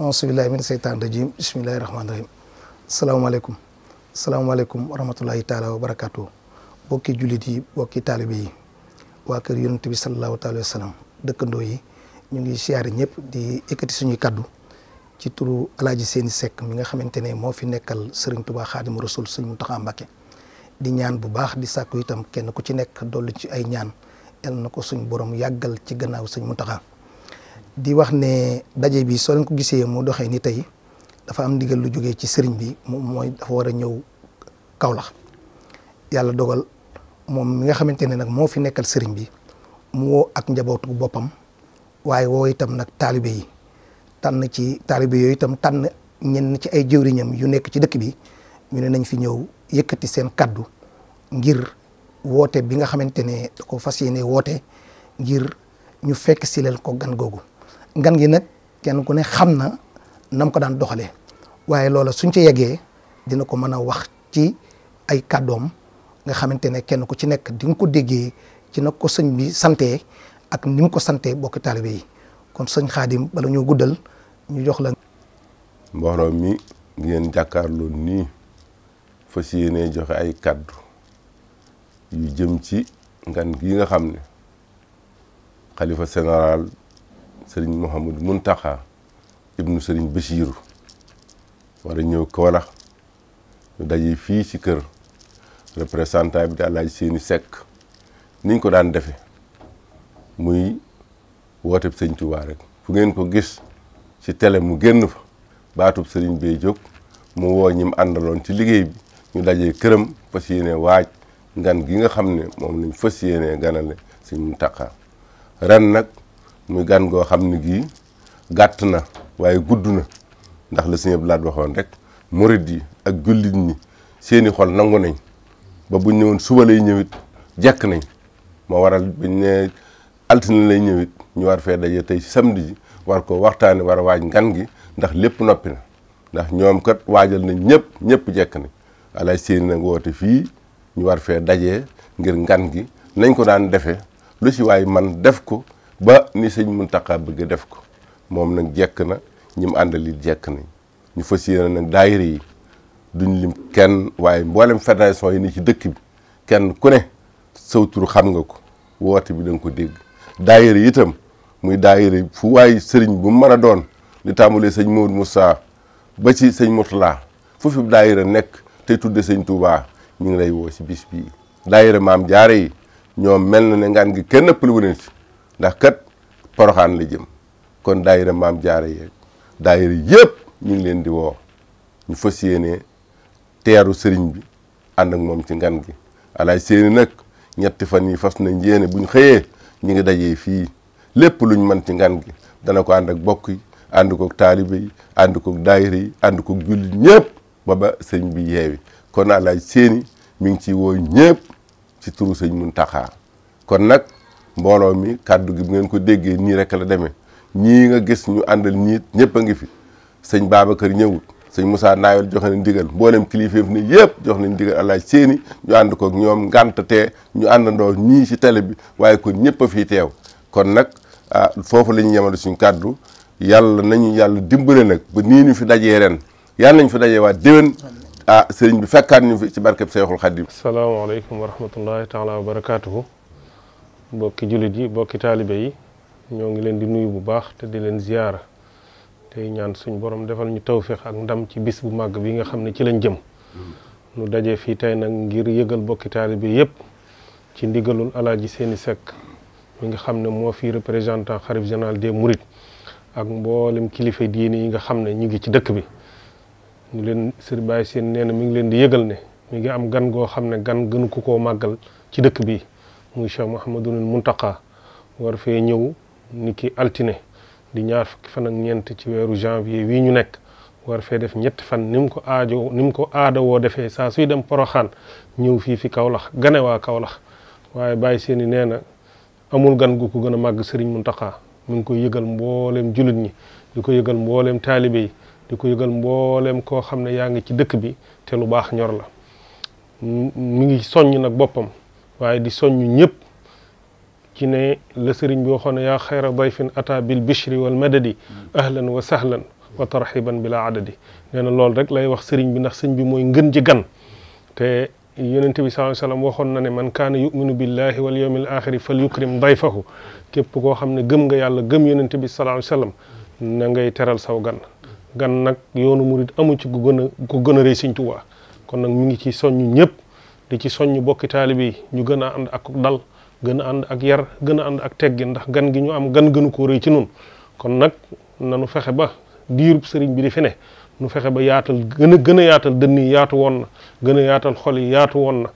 ansubillahi min seytaan rajim bismillahi rahmaani rahim salaamaaleykum salaamaaleykum wa rahmatullahi taala wa barakaatu bokki jullit yi bokki taalibe yi waa kër yu yonent bi salallaahu taala wa sallam dëkkandoo yi ñu ngi siyaare ñëpp di ekkati suñuy kàddu ci turu alaaji seeni sekk mi nga xamante ne moo fi nekkal sëriñ tubaa xaadimu rasul sëriñ Muntaxa Mbàkke di ñaan bu baax di sàkku itam kenn ku ci nekk dollu ci ay ñaan yal na ko suñ borom yàggal ci gannaaw sëriñ Muntaxa di wax ne daje bi soo leen ko gisee mu doxee ni tey dafa am ndigal lu jóge ci sëriñ bi moom mooy dafa war a ñëw Kaolack yàlla dogal moom mi nga xamante ne nag moo fi nekkal sëriñ bi mu woo ak njabootu boppam waaye woo itam nag taalibe yi tànn ci taalibe yooyu itam tànn ñenn ci ay jëwriñam yu nekk ci dëkk bi ñu ne nañ fi ñëw yëkkati seen kàddu ngir woote bi nga xamante ne da ko fas yéene woote ngir ñu fekk si leen ko gan googu ngan gi nag kenn ku ne xam na nam ko daan doxalee waaye loola suñ ci yeggee dina ko mën a wax ci ay kàddoom nga xamante ne kenn ku ci nekk di ko déggee ci nag ko sëñ bi sante ak ni ko sante bokki taalibe yi kon sëñ xaadim bala ñoo guddal ñu jox la. mbooloo mi ngeen jàkkaarloo nii fas yéenee joxe ay kàddu yu jëm ci ngan gi nga xam ne xalifa général sëriñ mun Mountakha ibnu sëriñ Bassirou war a ñëw Kaolack ñu daje fii si kër représentant bi di Alaaji Seeni Sekk niñ ko daan defe muy wooteb sëñ Tuubaa rek fu ngeen ko gis ci tele mu génn fa baatub sëriñ bee jóg mu woo ñi mu àndaloon ci liggéey bi ñu dajee këram fas yéene waaj ngan gi nga xam ne moom lañ fas yéene ganale sëñ Mountakha ren nag mu gan goo xam ne gii gàtt na waaye gudd na ndax la sëñ Abdou Lahad waxoon rek murid yi ak jullit ñi seeni xol nangu nañ ba bu ñëwoon suba lay ñëwit jekk nañ moo waral bañ ne altine lay ñëwit ñu war fee daje tey samedi ji war ko waxtaane war a waaj ngan gi ndax lépp noppi na ndax ñoom kat waajal nañ ñëpp ñëpp jekk nañ alaaj seeni nag woote fii ñu war fee dajee ngir ngan gi nañ ko daan defee lu ci waay man def ko ba ni sëñ Muntaxa bëgg def ko moom nag jekk na ñi mu àndal it jekk nañ ñu fas yéene nag daayira yi duñ lim kenn waaye mboolem fédération yi ni ci dëkk bi kenn ku ne sawtur xam nga ko woote bi da ko dégg daayira itam muy daayira fu waay sëriñ bu mu mën a doon li tàmbalee sëñ Maodo Moussa ba ci sëñ Mourtala fu fi daayira nekk tey tudde sëñ Touba ñu ngi lay woo si bis bii daayira maam jaare yi ñoom mel na ne ngaan gi kenn ëppale wu ci ndax kat poroxaan la jëm kon daayira maam jaara yeeg daayira yëpp ñu ngi leen di woo ñu fas yéene teeru sëriñ bi ànd ak moom ci ngan gi alaaj seeni nag ñetti fan yi fas nañ yéene buñ xëyee ñu ngi dajee fii lépp luñ mën ci ngan gi dana ko ànd ak bokk yi ànd koog taalibe yi ànd koog daayira yi ànd ñëpp ba ba sëriñ bi yeewi kon alaaj seeni mi ngi ci woo ñëpp ci turu sëñ Muntaxa kon nag mbooloo mi kàddu gi bu ngeen ko déggee nii rek la demee ñii nga gis ñu àndal ñii ñëpp a ngi fi sëñ Babacar ñëwut sëñ Moussa Naawel joxe nañ digal mboolem kilifeef ni yëpp jox nañ digal alaaj seeni ñu ànd ko ñoom ngànt tee ñu àndandoo ñii si tele bi waaye kon ñëpp a fii teew kon nag ah, foofu la ñu yemale suñ kàddu yàlla nañu yàlla dimbale nag ba nii ñu fi dajee ren yàlla nañ fi dajee waa déwén ah sëriñ bi fekkaat ñu fi ci barkeb Seexul Xaddim salaamaaleykum wa rahmatullahi taala wa barakaatuhu mbokki jullit yi mbokki taalibe yi ñoo ngi leen di nuyu bu baax te di leen ziyaara tey ñaan suñu borom defal ñu tawféex ak ndam ci bis bu màgg bi nga xam ne ci lañ jëm nu daje fii tey nag ngir yëgal mbokki taalibe yëpp ci ndigalul alaaji seeni sekk mi nga xam ne moo fi représentant xalif général des mourides ak mboolem kilifa diine yi nga xam ne ñu ngi ci dëkk bi ñu leen sër bàyyi seen nee na mi ngi leen di yëgal ne mi ngi am gan goo xam ne gan gënu ko koo màggal ci dëkk bi muy Cheikh Mouhamadul Muntaqa war fee ñëw ni ki altine di ñaar fukki fan ak ñeent ci weeru janvier wii ñu nekk war fee def ñetti fan ni ko aajo ni ko aada woo defee saa suy dem poroxaan ñëw fii fi kawlax gane waa Kaolack waaye bàyyi seen i nee na amul gan gu ko gën a màgg sëriñ Muntaqa mi ngi koy yëgal mboolem jullit ñi di ko yëgal mbooleem taalibe yi di ko yëgal mbooleem koo xam ne yaa ngi ci dëkk bi te lu baax ñor la mu ngi soññ nag boppam waaye di soññ ñëpp ci ne la sëriñ bi waxoon yaa xayra dayfin ata bil bishri wal madadi ahlan wa sahlan wa tarxiban bila adadi nee na lool rek lay wax sëriñ bi ndax sëñ bi mooy ngën ji gan te yonent bi sallallahu alayhi wasallam waxoon na ne man kaana yuminu billahi wal yawmil axiri fal yukrim dayfahu képp koo xam ne gëm nga yàlla gëm yonent bi sallallahu alayhi wasallam na ngay teral saw gan gan nag yoonu murit amu ci ku gën a ku gën a rëy sëñ kon nag mu ngi ci soññ ñëpp di ci soññ bokki taalibe yi ñu gën a ànd ak dal gën a ànd ak yar gën a ànd ak teggin ndax gan gi ñu am gan gënu ko ci nun kon nag na nu fexe ba diir sëriñ bi di fi ne nu fexe ba yaatal gën a gën a yaatal dënn yi yaatu woon na gën a yaatal xol yi yaatu woon na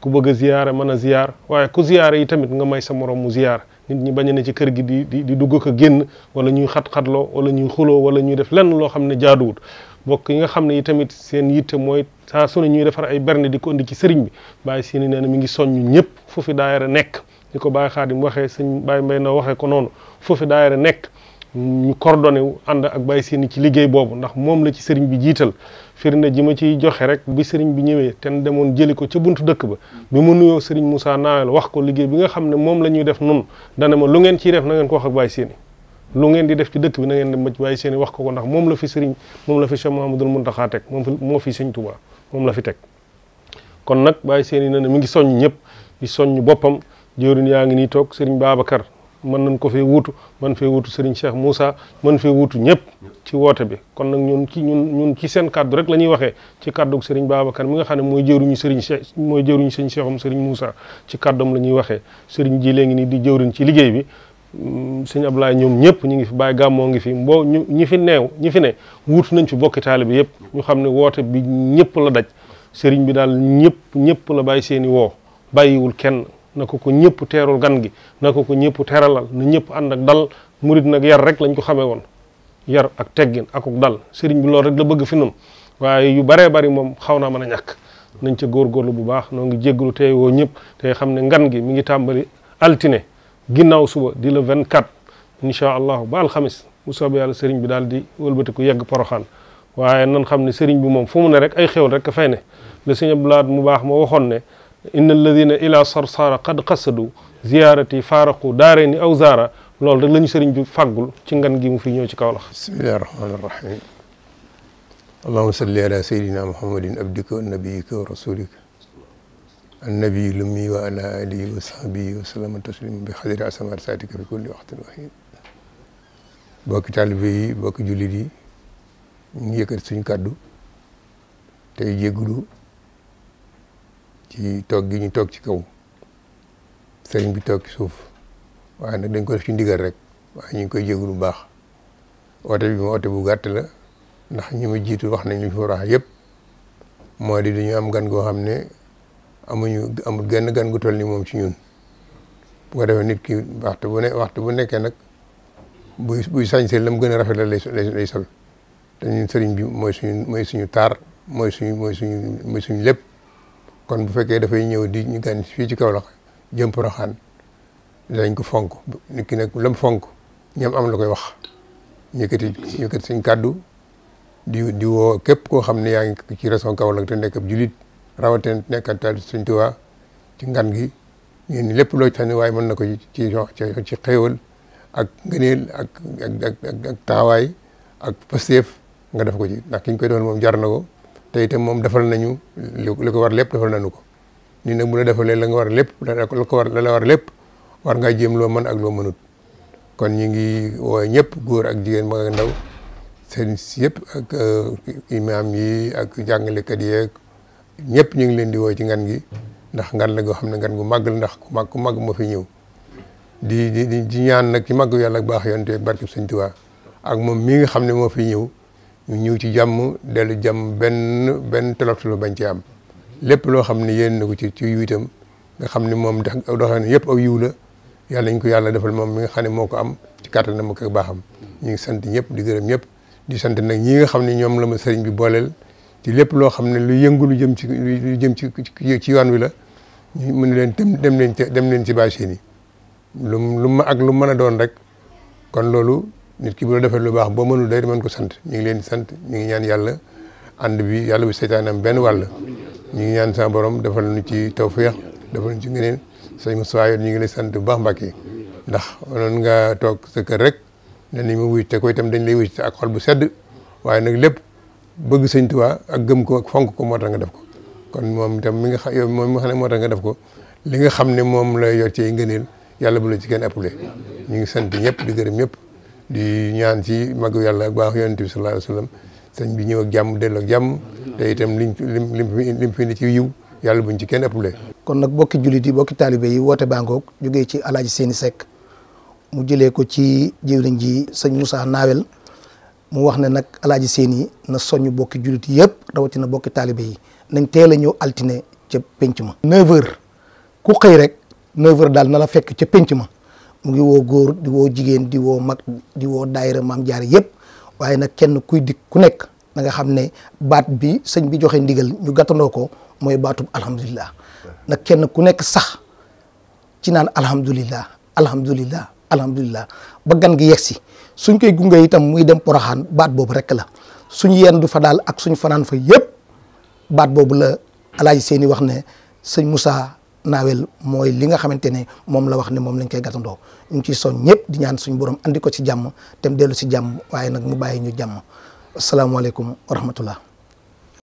ku bëgg a ziyaare mën a ziyaar waaye ku ziyaare yi tamit nga may sa morom mu ziyaar nit ñi bañ a ne ci kër gi di di dugg ko génn wala ñuy xat-xatloo wala ñuy xuloo wala ñuy def lenn loo xam ne jaaduwut mbokk yi nga xam ne i tamit seen yitte mooy saa su ñuy defar ay berne di ko indi ci sëriñ bi bàyyi si ni nee na mi ngi soññ ñëpp fu fi daayira nekk ni ko Baye Khadim waxee sëñ Baye Mbaye na waxee ko noonu fu fi nekk ñu coordonné wu ànd ak Baye Seyni ci liggéey boobu ndax moom la ci sëriñ bi jiital firnde ji ma ciy joxe rek bi sëriñ bi ñëwee ten demoon jëli ko ca buntu dëkk ba bi mu nuyoo sëriñ Moussa Nawel wax ko liggéey bi nga xam ne moom la ñuy def nun dana ma lu ngeen ciy def na ngeen ko wax ak Baye Seyni lu ngeen di def ci dëkk bi na ngeen di mëcc waaye seen wax ko ko ndax moom la fi sëriñ moom la fi Cheikh Mouhamadul Mountakha teg moom moo fi sëñ Touba moom la fi teg kon nag waaye seen i ne mi ngi soññ ñëpp di soññ boppam jëwriñ yaa ngi nii toog sëriñ Babacar mën nañ ko fee wuutu man fee wuutu sëriñ Cheikh Moussa mën fee wuutu ñëpp ci woote bi kon nag ñun ci ñun ñun ci seen kàddu rek la ñuy waxee ci kàddug sëriñ Babacar mi nga xam ne mooy jëwriñu sëriñ Cheikh mooy jëwriñu sëriñ Cheikhum sëriñ Moussa ci kàddoom la ñuy waxee sëriñ ji léegi nii di jëwriñ ci liggéey bi Mm, sëñ Ablaye ñoom ñëpp ñu ngi fi bàyyi gàmmoo ngi fi mboo ñu ñi fi neew ñi fi ne wut nañ fi bokki taalibe yëpp ñu xam ne woote bi ñëpp la daj sëriñ bi daal ñëpp ñëpp la bàyyi seeni i woo bàyyiwul kenn na ko ko ñëpp teerul gan gi na ko ko ñëpp teeralal na ñëpp ànd ak dal murit nag yar rek lañu ko xamee woon yar ak teggin akuk dal sëriñ bi loolu rek la bëgg fi nun waaye yu baree bari moom xaw naa man a ñàkk nañ ca lu bu baax noo ngi jéggalu tey woo ñëpp tey xam ne ngan gi mi ngi tàmbali altine ginnaaw suba di le 24 incha allahu ba alxamis bu soobee yàlla sëriñ bi daal di wëlbatiku yegg poroxaan waaye nan xam ne sëriñ bi moom fu mu ne rek ay xéwal rek fay ne le sëriñ Abdoulaat mu baax ma waxoon ne inna alladina ila sarsara qad qasadu ziyaarati faaraqu daareeni aw zaara loolu rek la ñu sëriñ bi faggul ci ngan gi mu fi ñëw ci Kawlax bismillahi rahmaani rahim allahuma salli ala sayyidina muhammadin abdika wa nabiyika wa rasulika annabi lu mi wa ala alihi wa sahbihi wa sallama taslima bi xadiri asamaat saatika fi kulli waxtin waxin bokki taalibe yi bokki jullit yi ñu ngi yëkkati suñu kàddu tey jéggulu ci toog gi ñu toog ci kaw sëriñ bi toog ci suuf waaye nag dañ ko def ci ndigal rek waaye ñu ngi koy jéggulu bu baax oote bi ma oote bu gàtt la ndax ñi ma jiitu wax nañ li fi war a wax yëpp moo di dañu am gan goo xam ne amuñu amul genn gan gu toll ni moom ci ñun bu ko nit ki waxtu bu ne waxtu bu nekkee nag buy buy sañse la mu gën a rafet la lay lay sol te ñun sëriñ bi mooy suñu mooy suñu taar mooy suñu mooy suñu mooy lépp kon bu fekkee dafay ñëw di ñu gan fii ci Kaolack jëm Porokhane dañ ko fonk nit ki nag lam fonk ñam am la koy wax ñëkkati ñëkkati suñ kàddu di di woo képp koo xam ne yaa ngi ci région Kaolack te nekk ab julit rawatina nekkantal Sëriñ Tuubaa ci ngan gi ñu ni lépp loo tànn waaye mën na ko ci ci xéewal ak ngëneel ak ak ak taxawaay ak nga def ko ci ndax ki koy defal moom jar na ko te itam moom defal nañu li ko war lépp defal nañu ko nii nag bu la defalee la nga war lépp la ko war la la war lépp war ngaa jéem loo ak loo mënut kon ñu ngi wooye ñëpp góor ak jigéen mag ak ndaw yëpp ak euh, imam yi ak jàngalekat yeeg ñëpp ñu ngi leen di woo ci ngan gi ndax ngan la goo xam ne ngan gu màgg la ndax ku màgg màgg moo fi ñëw di di di ñaan nag ci màggu yàlla ak baax yonte barkeb Sëñ waa ak moom mii nga xam ne moo fi ñëw mu ñëw ci jàmm dellu jàmm benn benn tolof-tolof bañ ci am lépp loo xam ne yéen na ko ci ci itam nga xam ne moom dax doxee ne yëpp aw yiw la yàlla ñu ko yàlla defal moom mi nga xam ne moo ko am ci kàttanam ak baaxam ñu ngi sant ñëpp di gërëm ñëpp di sant nag ñi nga xam ne ñoom la ma sëriñ bi booleel ci lépp loo xam ne lu yëngul lu jëm ci lu jëm ci ci yoon wi la ñu mën leen dem dem leen ci dem leen ci bâchine yi lu lu ma ak lu mën a doon rek kon loolu nit ki bu la defee lu baax boo mënul day mën ko sant ñu ngi leen sant ñu ngi ñaan yàlla ànd bi yàlla bu seytaanam benn wàll ñu ngi ñaan sa borom defal nu ci tawféex defal nu ci ngeneen sëñ Moussa yoon ñu ngi lay sant bu baax Mbacke ndax noonu nga toog sa kër rek ne ni mu wuy te itam dañ lay wuy ak xol bu sedd waaye nag lépp bëgg sëñ Tuubaa ak gëm ko ak fonk ko moo tax nga def ko kon moom itam mi nga xam yow moom mi moo tax nga def ko li nga xam ne moom la yor ci ngëneel yàlla bu la ci kenn appelé ñu ngi sant ñëpp di gërëm ñëpp di ñaan ci màggu yàlla ak baax yonent bi sallallahu alayhi wasallam sëñ bi ñëw jàmm delloo ak itam liñ lim lim fi indi ci yàlla buñ ci kenn appelé kon nag bokki jullit yi bokki taalibe yi woote bangoog jógee ci alaaji Seyni Seck mu jëlee ko ci jëwriñ ji sëñ Moussa Nawel mu wax ne nag alaaji seeni na na ñu bokki jullit yëpp na bokki taalibe yi nañ teel a ñëw altine ca penc ma. 9h ku xëy rek 9 daal na la fekk ca penc ma mu ngi woo góor di woo jigéen di woo mag di woo daayira maam jaare yëpp waaye nag kenn kuy dikk ku nekk na nga xam ne baat bi sëñ bi joxe ndigal ñu gàttandoo ko mooy baatub alhamdulilah nag kenn ku nekk sax ci naan alhamdulilah alhamdulilah. alhamdulilah ba gan gi yegsi suñ koy gunge itam muy dem poroxaan baat boobu rek la suñ yendu fa daal ak suñ fanaan fa yëpp baat boobu la alaaji seeni wax ne sëñ Moussa naawel mooy li nga xamante ne moom la wax ne moom lañ koy gàttandoo ñu ngi ciy son ñëpp di ñaan suñu borom andi ko ci jàmm tem dellu si jàmm waaye nag mu bàyyi ñu jàmm asalaamaaleykum wa rahmatullah